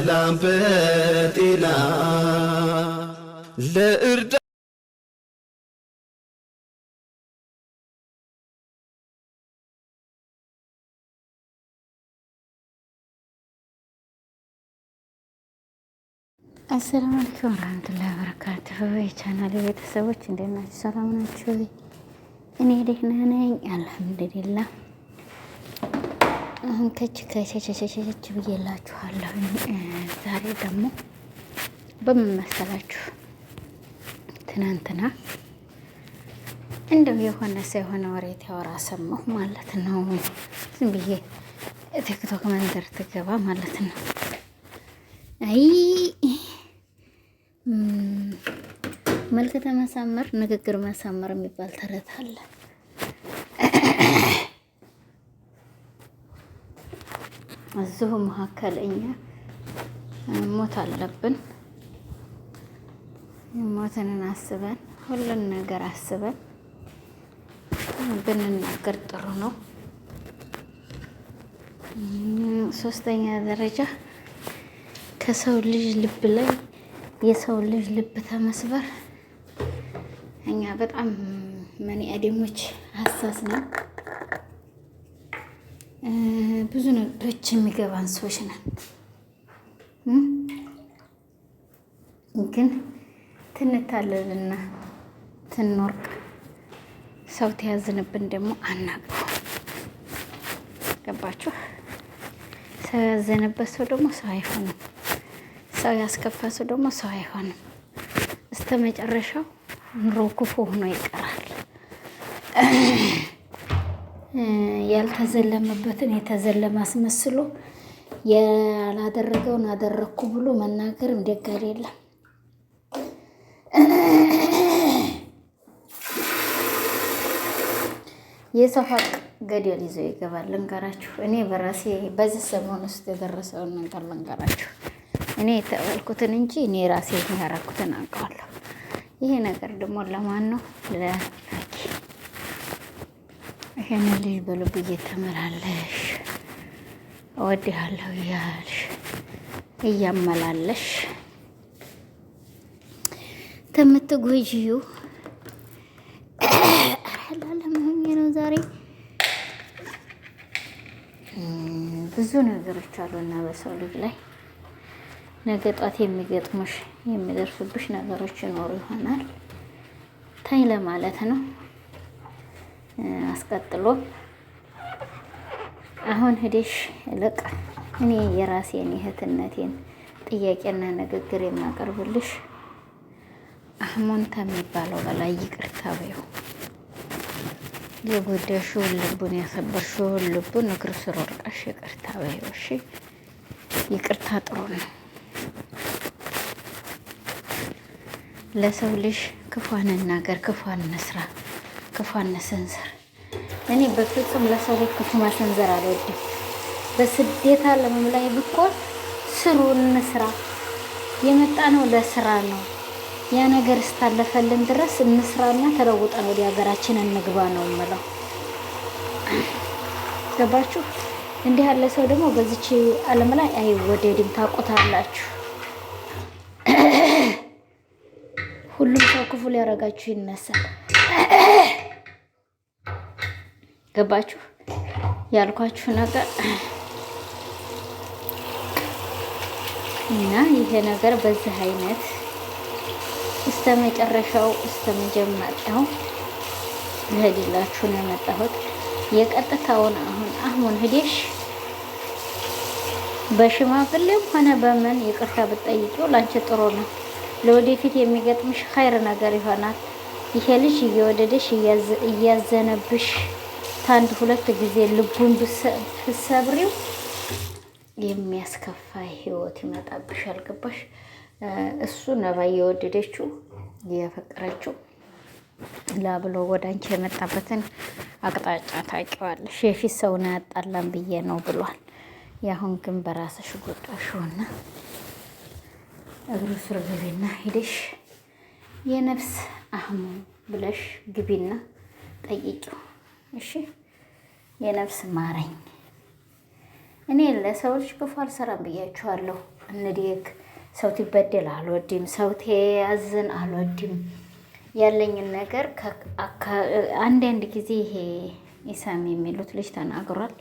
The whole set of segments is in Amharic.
በሰላም በጤና ለእርዳ አሰላሙ አለይኩም ወራህመቱላሂ ወበረካቱሁ። የቻናሌ ቤተሰቦች እንዴት ናችሁ? ሰላም ናችሁ? እኔ ደህና ነኝ አልሐምዱሊላህ። አሁን ከች ከቸቸቸቸች ብዬላችኋለሁ። ዛሬ ደግሞ በምን መሰላችሁ? ትናንትና እንደው የሆነ ሰው የሆነ ወሬ ያወራ ሰማሁ ማለት ነው። ዝም ብዬ ቲክቶክ መንደር ትገባ ማለት ነው። አይ መልክተ መሳመር፣ ንግግር መሳመር የሚባል ተረት አለ። እዚሁ መካከለኛ ሞት አለብን። ሞትንን አስበን ሁሉን ነገር አስበን ብንናገር ጥሩ ነው። ሶስተኛ ደረጃ ከሰው ልጅ ልብ ላይ የሰው ልጅ ልብ ተመስበር እኛ በጣም መኒ አደሞች ሀሳስ ነው። ብዙ ነገሮች የሚገባን ሰዎች ነን። ግን ትንታለልና ትንወርቅ ሰው ተያዝንብን ደግሞ አናቅተው ገባችሁ። ሰው ያዘነበት ሰው ደግሞ ሰው አይሆንም። ሰው ያስከፋ ሰው ደግሞ ሰው አይሆንም። እስከ መጨረሻው ኑሮ ክፉ ሆኖ ይቀራል። ያልተዘለመበትን የተዘለመ አስመስሎ ያላደረገውን አደረግኩ ብሎ መናገርም ደጋድ የለም። የሰው ሀቅ ገደል ይዞ ይገባል። ልንገራችሁ፣ እኔ በራሴ በዚህ ሰሞን ውስጥ የደረሰውን ነገር ልንገራችሁ። እኔ የተባልኩትን እንጂ እኔ ራሴ ያረኩትን አውቀዋለሁ። ይሄ ነገር ደግሞ ለማን ነው? ይህንን ልጅ በልብ እየተመላለሽ እወድሃለሁ እያልሽ እያመላለሽ ተምትጎጂው ላለመሆኝ ነው። ዛሬ ብዙ ነገሮች እና በሰው ልጅ ላይ ነገ ጧት የሚገጥሙሽ የሚደርሱብሽ ነገሮች ይኖሩ ይሆናል። ታይ ለማለት ነው። አስቀጥሎ አሁን ሂደሽ ልቅ እኔ የራሴን እህትነቴን ጥያቄና ንግግር የማቀርብልሽ አህሙን ከሚባለው በላይ ይቅርታ በይው። የጎዳሽውን ልቡን ያሰበርሽውን ልቡን እግር ስር ወድቀሽ ይቅርታ በይው። እሺ፣ ይቅርታ ጥሩ ነው። ለሰው ልጅ ክፏን እናገር፣ ክፏን እንስራ። ክፉ አነሰንዘር። እኔ በፍጹም ለሰዎች ክፉ ማሰንዘር አልወድም። በስደት ዓለም ላይ ብኮን ስሩ፣ እንስራ። የመጣ ነው ለስራ ነው። ያ ነገር እስታለፈልን ድረስ እንስራና ተለውጠን ወደ ሀገራችን እንግባ ነው የምለው። ገባችሁ? እንዲህ ያለ ሰው ደግሞ በዚች ዓለም ላይ አይወደድም። ታውቁታላችሁ። ሁሉም ሰው ክፉ ሊያረጋችሁ ይነሳል። ገባችሁ ያልኳችሁ ነገር እና ይሄ ነገር በዚህ አይነት እስከ መጨረሻው እስከ መጀመሪያው ልሄድላችሁ ነው የመጣሁት። የቀጥታውን አሁን አህሙን ሂደሽ በሽማግሌም ሆነ በምን ይቅርታ ብትጠይቂው ላንቺ ጥሩ ነው። ለወደፊት የሚገጥምሽ ኸይር ነገር ይሆናል። ይሄ ልጅ እየወደደሽ እያዘነብሽ ከአንድ ሁለት ጊዜ ልቡን ብሰብሪው የሚያስከፋ ህይወት ይመጣብሽ። አልገባሽ? እሱ ነባ እየወደደችው እያፈቀረችው ላብሎ ወደ አንቺ የመጣበትን አቅጣጫ ታውቂዋለሽ። የፊት ሰውን አያጣላም ብዬ ነው ብሏል። የአሁን ግን በራስሽ ጎዳሽውና እግሩ ስር ግቢና ሂደሽ የነፍስ አህሙ ብለሽ ግቢና ጠይቂው። እሺ የነፍስ ማረኝ። እኔ ለሰው ልጅ ክፉ አልሰራም ብያችኋለሁ። እንዴክ ሰው ይበደል አልወድም፣ ሰው ያዝን አልወድም። ያለኝን ነገር አንዳንድ ጊዜ ይሄ ኢሳም የሚሉት ልጅ ተናግሯል።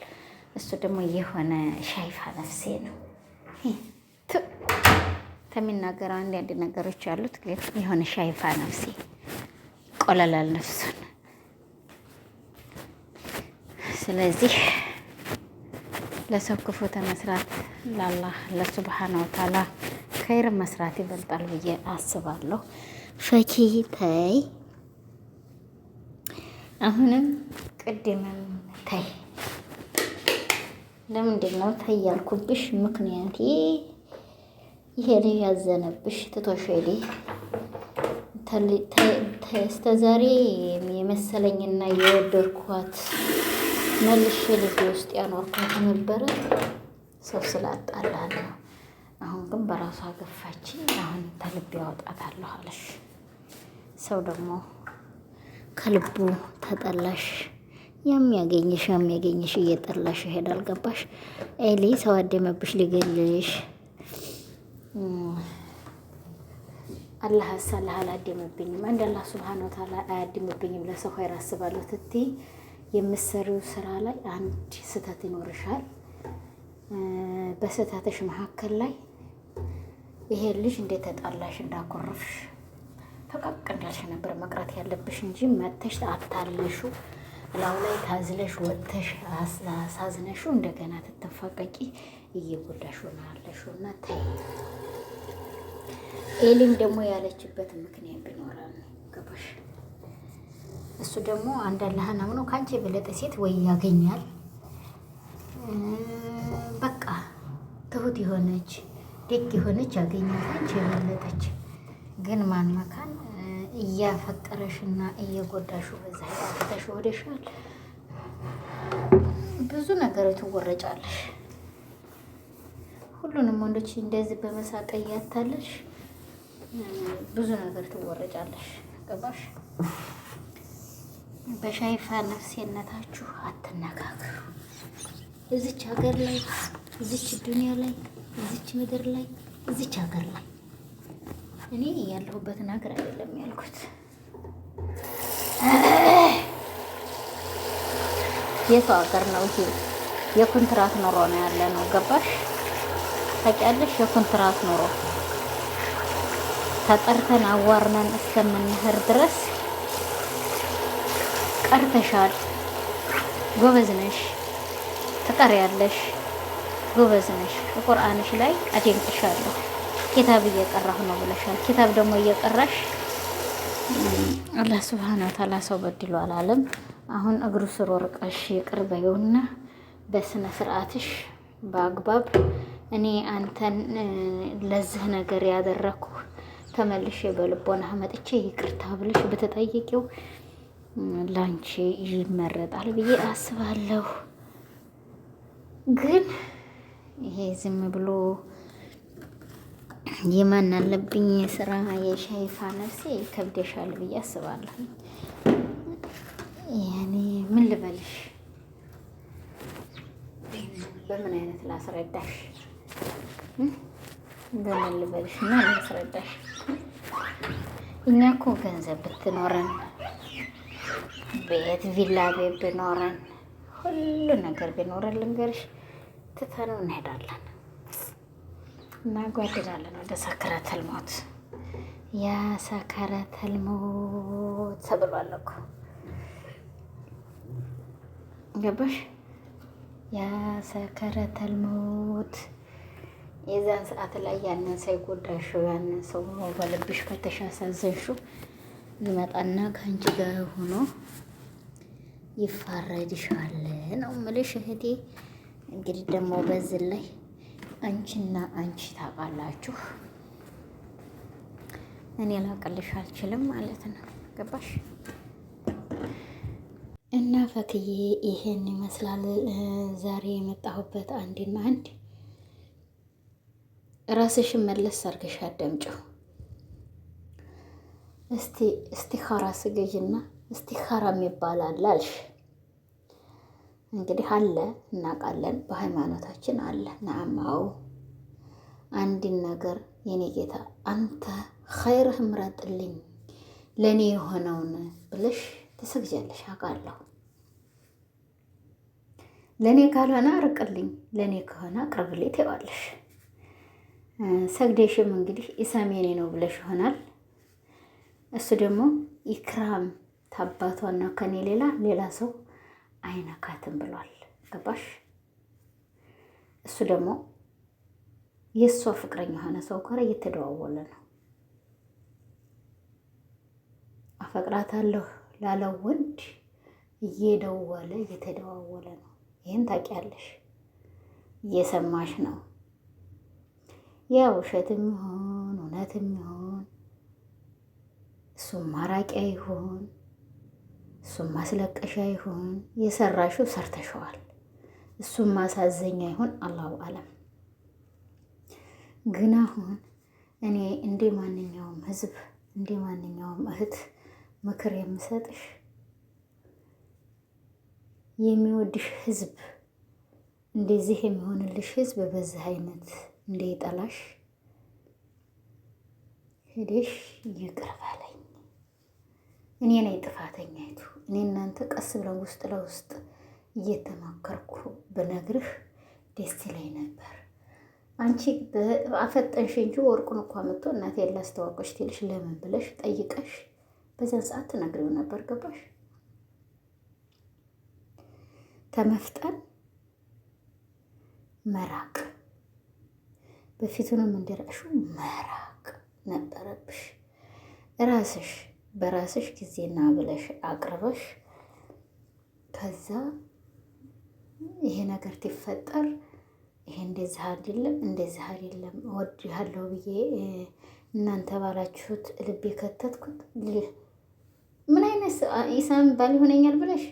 እሱ ደግሞ የሆነ ሻይፋ ነፍሴ ነው ከሚናገረው አንዳንድ ነገሮች ያሉት ግን የሆነ ሻይፋ ነፍሴ ቆለላል ነፍሱን ስለዚህ ለሰው ክፉ ተመስራት ለአላህ ለሱብሓነ ወተዓላ ከይር መስራት ይበልጣል ብዬ አስባለሁ። ፈኪ ተይ፣ አሁንም ቅድምም ተይ። ለምንድን ነው ተይ ያልኩብሽ? ምክንያት ይሄ ነው ያዘነብሽ ትቶሽ እስከ ዛሬ የመሰለኝና የወደድኳት መልሼ ልጅ ውስጥ ያኖርኳት ነበረ ሰው ስላጣላ ነው። አሁን ግን በራሷ ገፋች። አሁን ተልቤ ያወጣታለሁ አለሽ። ሰው ደግሞ ከልቡ ተጠላሽ የሚያገኝሽ የሚያገኝሽ እየጠላሽ ይሄዳል። ገባሽ? ኤሊ ሰው አደመብሽ ሊገልሽ አላህ ሳላህ አላህ አላደመብኝም አንድ አላህ ስብሓን ወተዓላ አያድምብኝም ለሰው ኸይር አስባለሁ ትቲ የምትሰሪው ስራ ላይ አንድ ስህተት ይኖርሻል። በስህተትሽ መካከል ላይ ይሄ ልጅ እንደ ተጣላሽ፣ እንዳኮረፍሽ ፈቀቅ እንዳልሽ ነበር መቅረት ያለብሽ እንጂ መተሽ አታለሹ ላው ላይ ታዝለሽ ወጥተሽ ሳዝነሹ እንደገና ትተፋቀቂ እየጎዳሹ ነው እና ታይ ኤሊም ደግሞ ያለችበት ምክንያት ቢኖራል ገባሽ? እሱ ደግሞ አንድ አላህን አምኖ ከአንቺ የበለጠ ሴት ወይ ያገኛል፣ በቃ ትሁት የሆነች ደግ የሆነች ያገኛል አንቺ የበለጠች። ግን ማን መካን እያፈቀረሽና እየጎዳሹ በዛ ያፍተሽ ወደሻል፣ ብዙ ነገር ትወረጫለሽ። ሁሉንም ወንዶች እንደዚህ በመሳቅ እያታለሽ ብዙ ነገር ትወረጫለሽ። ገባሽ? በሻይፋ ነፍሴነታችሁ አትነካከሩ። እዚች ሀገር ላይ እዚች ዱንያ ላይ እዚች ምድር ላይ እዚች ሀገር ላይ እኔ ያለሁበትን ሀገር አይደለም ያልኩት፣ የሰው ሀገር ነው ይሄ። የኮንትራት ኑሮ ነው ያለ ነው። ገባሽ ታውቂያለሽ? የኮንትራት ኑሮ ተጠርተን አዋርነን እስከምንሄድ ድረስ ቀርተሻል፣ ጎበዝ ነሽ፣ ትቀሪያለሽ፣ ጎበዝ ነሽ፣ ቁርአንሽ ላይ አደንቅሻለሁ፣ ኪታብ እየቀራሁ ነው ብለሻል። ኪታብ ደግሞ እየቀራሽ አላህ ስብሓን ወተዓላ ሰው በድሎ አላለም። አሁን እግሩ ስር ወርቀሽ ይቅር በይውና በስነ ስርዓትሽ በአግባብ እኔ አንተን ለዚህ ነገር ያደረኩ ተመልሼ በልቦና መጥቼ ይቅርታ ብለሽ ብትጠይቂው ላንቺ ይመረጣል ብዬ አስባለሁ። ግን ይሄ ዝም ብሎ የማን አለብኝ ስራ የሻይፋ ነፍሴ ከብደሻል ብዬ አስባለሁ። ያኔ ምን ልበልሽ? በምን አይነት ላስረዳሽ? በምን ልበልሽ እና ላስረዳሽ? እኛ እኮ ገንዘብ ብትኖረን ቤት ቪላ ቤት ቢኖረን ሁሉ ነገር ቢኖረን ልንገርሽ ትተነው እንሄዳለን እናጓድዳለን ወደ ሰከረተል ሞት። ያ ሰከረተል ሞት ተብሏል እኮ ገባሽ? ያ ሰከረተል ሞት የዛን ሰዓት ላይ ያንን ሳይጎዳሽው ያንን ሰው በልብሽ ከተሻሳዘንሹ ይመጣና ከአንቺ ጋር ሆኖ ይፋረድሻል ነው ምልሽ እህቴ። እንግዲህ ደግሞ በዚህ ላይ አንቺና አንቺ ታውቃላችሁ። እኔ ላቅልሽ አልችልም ማለት ነው። ገባሽ? እና ፈክዬ ይሄን ይመስላል ዛሬ የመጣሁበት አንድና አንድ ራስሽን መለስ አድርገሽ አዳምጪው። እስቲ እስቲኻራ ስገዥና እስቲኻራ የሚባል አለ አልሽ። እንግዲህ አለ እናውቃለን፣ በሃይማኖታችን አለ። ነአማው አንድን ነገር የኔ ጌታ አንተ ኸይርህ ምረጥልኝ ለእኔ የሆነውን ብለሽ ትሰግጃለሽ፣ አውቃለሁ። ለእኔ ካልሆነ አርቅልኝ፣ ለእኔ ከሆነ አቅርብልኝ ትይዋለሽ። ሰግደሽም እንግዲህ ኢሳሜኔ ነው ብለሽ ይሆናል እሱ ደግሞ ኢክራም ታባቷን ነው ከኔ ሌላ ሌላ ሰው አይነካትም ብሏል። ገባሽ? እሱ ደግሞ የእሷ ፍቅረኛ የሆነ ሰው ጋር እየተደዋወለ ነው። አፈቅራታለሁ ላለው ወንድ እየደወለ እየተደዋወለ ነው። ይህን ታውቂያለሽ፣ እየሰማሽ ነው። ያ ውሸትም ይሁን እውነትም ይሁን እሱም ማራቂያ ይሁን፣ እሱም ማስለቀሻ ይሁን። የሰራሽው ሰርተሸዋል። እሱም ማሳዘኛ ይሁን። አላሁ አለም። ግን አሁን እኔ እንደ ማንኛውም ህዝብ እንደ ማንኛውም እህት ምክር የምሰጥሽ የሚወድሽ ህዝብ እንደዚህ የሚሆንልሽ ህዝብ በዚህ አይነት እንደ ጠላሽ ሄደሽ ይቅር እኔ ላይ ጥፋተኛ አይቱ እኔ እናንተ ቀስ ብለን ውስጥ ለውስጥ እየተማከርኩ ብነግርህ ደስ ላይ ነበር። አንቺ አፈጠንሽ እንጂ ወርቁን እኳ መጥቶ እናቴ ላስተዋወቅሽ ትልሽ ለምን ብለሽ ጠይቀሽ በዛን ሰዓት ትነግሪው ነበር። ገባሽ? ተመፍጠን መራቅ በፊቱንም እንደራሹ መራቅ ነበረብሽ ራስሽ በራስሽ ጊዜና ብለሽ አቅርበሽ ከዛ ይሄ ነገር ትፈጠር ይሄ እንደዚህ አይደለም እንደዚህ አይደለም እወድሃለሁ ብዬ እናንተ ባላችሁት ልብ የከተትኩት ምን አይነት ኢሳም ባል ይሆነኛል ብለሽ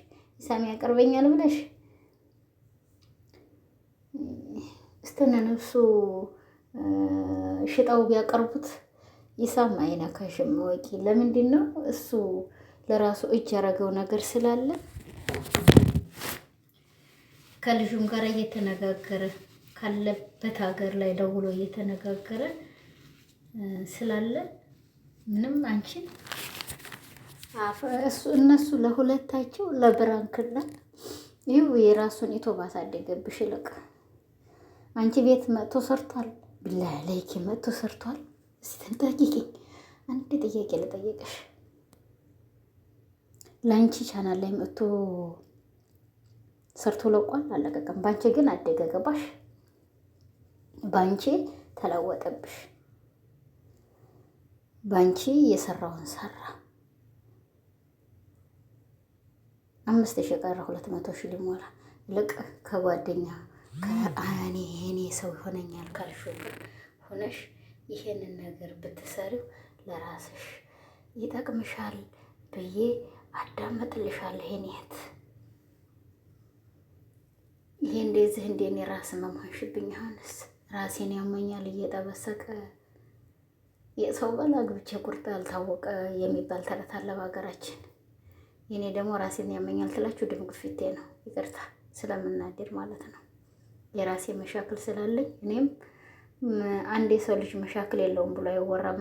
ኢሳም ያቀርበኛል ብለሽ እስተነነሱ ሽጣው ቢያቀርቡት ይሳም አይነካሽም ወቂ። ለምንድን ነው እሱ ለራሱ እጅ ያረገው ነገር ስላለ ከልጁም ጋር እየተነጋገረ ካለበት ሀገር ላይ ደውሎ እየተነጋገረ ስላለ ምንም አንቺን እነሱ ለሁለታቸው ለብራንክና ይህ የራሱን ኢቶ ባሳደገብሽ ይልቅ አንቺ ቤት መጥቶ ሰርቷል፣ ቢላ ላይኪ መጥቶ ሰርቷል። እስቲ ጠይቂኝ። አንድ ጥያቄ ልጠይቅሽ። ለአንቺ ቻናል ላይ መጥቶ ሰርቶ ለቋል አለቀቀም። በአንቺ ግን አደገ። ገባሽ? በአንቺ ተለወጠብሽ። በአንቺ የሰራውን ሰራ። አምስት ሺ ቀረ፣ ሁለት መቶ ሺ ሊሞላ ልቅ ከጓደኛ ከእኔ የእኔ ሰው ይሆነኛል ካልሽው ሆነሽ ይሄንን ነገር ብትሰሪው ለራስሽ ይጠቅምሻል ብዬ አዳመጥልሻል። ይሄኔት ይሄ እንደዚህ እንደኔ ራስ መምሆንሽብኝ አሁንስ ራሴን ያመኛል እየጠበሰቀ የሰው ባል አግብቼ ቁርጥ ያልታወቀ የሚባል ተረት አለ በሀገራችን። የኔ ደግሞ ራሴን ያመኛል ትላችሁ ደም ግፊቴ ነው። ይቅርታ ስለምናደድ ማለት ነው የራሴ መሻክል ስላለኝ እኔም አንድ የሰው ልጅ መሻክል የለውም ብሎ አይወራም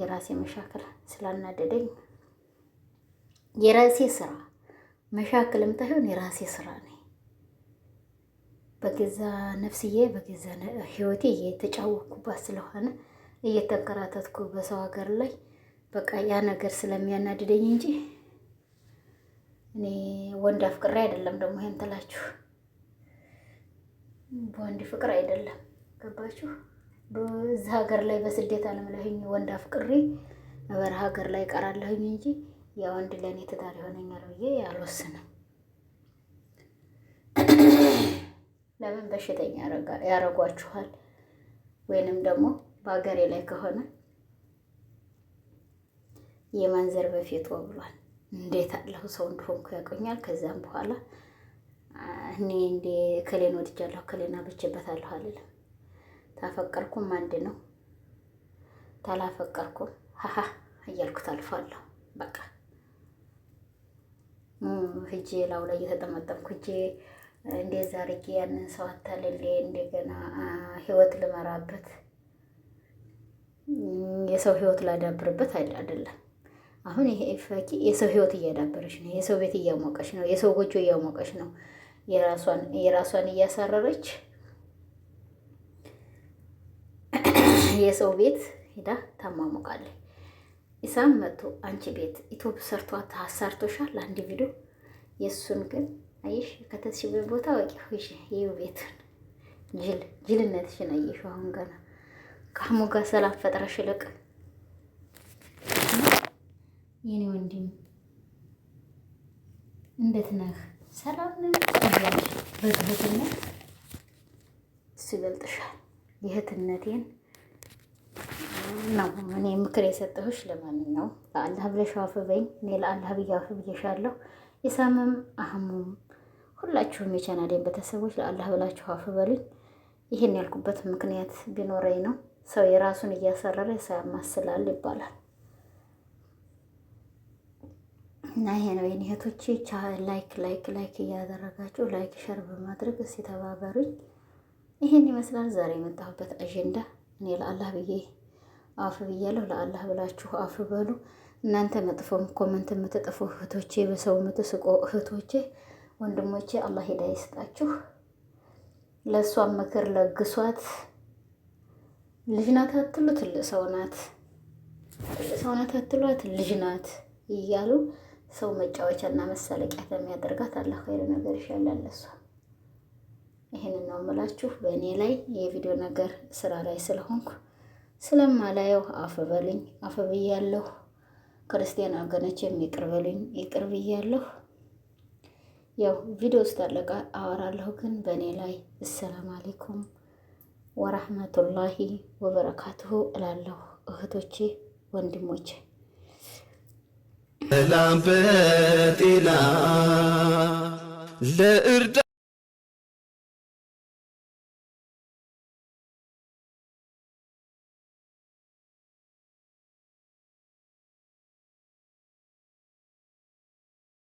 የራሴ መሻክል ስላናደደኝ የራሴ ስራ መሻክልም ታይሆን የራሴ ስራ ነኝ በገዛ ነፍስዬ በገዛ ህይወቴ እየተጫወኩባት ስለሆነ እየተንከራተትኩ በሰው ሀገር ላይ በቃ ያ ነገር ስለሚያናድደኝ እንጂ እኔ ወንድ አፍቅሬ አይደለም። ደግሞ ይሄን ትላችሁ በወንድ ፍቅር አይደለም። ገባችሁ? በዚህ ሀገር ላይ በስደት አለም ላይኝ ወንድ አፍቅሬ በረሃ ሀገር ላይ ቀራለሁኝ እንጂ ያ ወንድ ለእኔ ትዳር ይሆነኛል ብዬ አልወስንም። ለምን በሽተኛ ያረጓችኋል? ወይንም ደግሞ በሀገሬ ላይ ከሆነ የማንዘር በፊት ብሏል። እንዴት አለሁ ሰው እንደሆንኩ ያውቀኛል። ከዚያም በኋላ እኔ እንደ ከሌን ወድጃለሁ ከሌና ብቼበታለሁ አልልም። ታፈቀርኩም አንድ ነው፣ ታላፈቀርኩም ሀሀ እያልኩ አልፋለሁ። በቃ ሂጄ ላው ላይ እየተጠመጠምኩ ሂጄ እንደዛ አድርጌ ያንን ሰው አታልሌ እንደገና ህይወት ልመራበት የሰው ህይወት ላዳብርበት አይደለም። አሁን ይሄ ፈኪ የሰው ህይወት እያዳበረች ነው፣ የሰው ቤት እያሞቀች ነው፣ የሰው ጎጆ እያሞቀች ነው፣ የራሷን እያሳረረች የሰው ቤት ሄዳ ታማሙቃለች። ኢሳም መጥቶ አንቺ ቤት ኢትዮፕ ሰርቷ ታሰርቶሻል አንድ ቪዲዮ የእሱን ግን አየሽ ከተስሽበት ቦታ ወቂ ሆሽ ይህ ቤትን ጅል ጅልነትሽን አየሽ። አሁን ገና ከአህሙ ጋር ሰላም ፈጥረሽ ልቅ የኔ ወንድም እንዴት ነህ? ሰላም ነህ? በትህትና እሱ ይበልጥሻል የእህትነቴን ነው እኔ ምክር የሰጠሁሽ። ለማንኛውም ነው ለአላህ ብለሽ አፍ በይኝ። እኔ ለአላህ ብዬ አፍ ብዬሻለሁ። ኢሳምም አህሙም ሁላችሁም የቻናዴን ቤተሰቦች ለአላህ ብላችሁ አፍ በሉኝ። ይህን ያልኩበት ምክንያት ቢኖረኝ ነው። ሰው የራሱን እያሰረረ ሳያማስላል ይባላል እና ይሄ ነው የኒህቶች ላይክ ላይክ ላይክ እያደረጋችሁ ላይክ ሸር በማድረግ እስኪ ተባበሩኝ። ይህን ይመስላል ዛሬ የመጣሁበት አጀንዳ እኔ ለአላህ ብዬ አፍ ብያለሁ። ለአላህ ብላችሁ አፍ በሉ። እናንተ መጥፎም ኮመንት የምትጠፉ እህቶቼ፣ በሰው የምትስቆ እህቶቼ፣ ወንድሞቼ አላህ ሄዳ ይስጣችሁ። ለእሷን ምክር ለግሷት። ልጅ ናት አትሉ፣ ትልቅ ሰው ናት፣ ትልቅ ሰው ናት አትሏት፣ ልጅ ናት እያሉ ሰው መጫወቻ እና መሳለቂያ የሚያደርጋት አላህ ኸይር ነገር ይሻላል እሷ ይህን ነው የምላችሁ። በእኔ ላይ የቪዲዮ ነገር ስራ ላይ ስለሆንኩ ስለማላየው አፈበልኝ አፈብያለሁ። ክርስቲያን አገነች የሚቅርበልኝ ይቅርብያለሁ። ያው ቪዲዮ ውስጥ አለቀ አወራለሁ፣ ግን በእኔ ላይ አሰላም አሌይኩም ወራህመቱላሂ ወበረካቱሁ እላለሁ። እህቶቼ ወንድሞቼ ሰላም በጤና ለእርዳ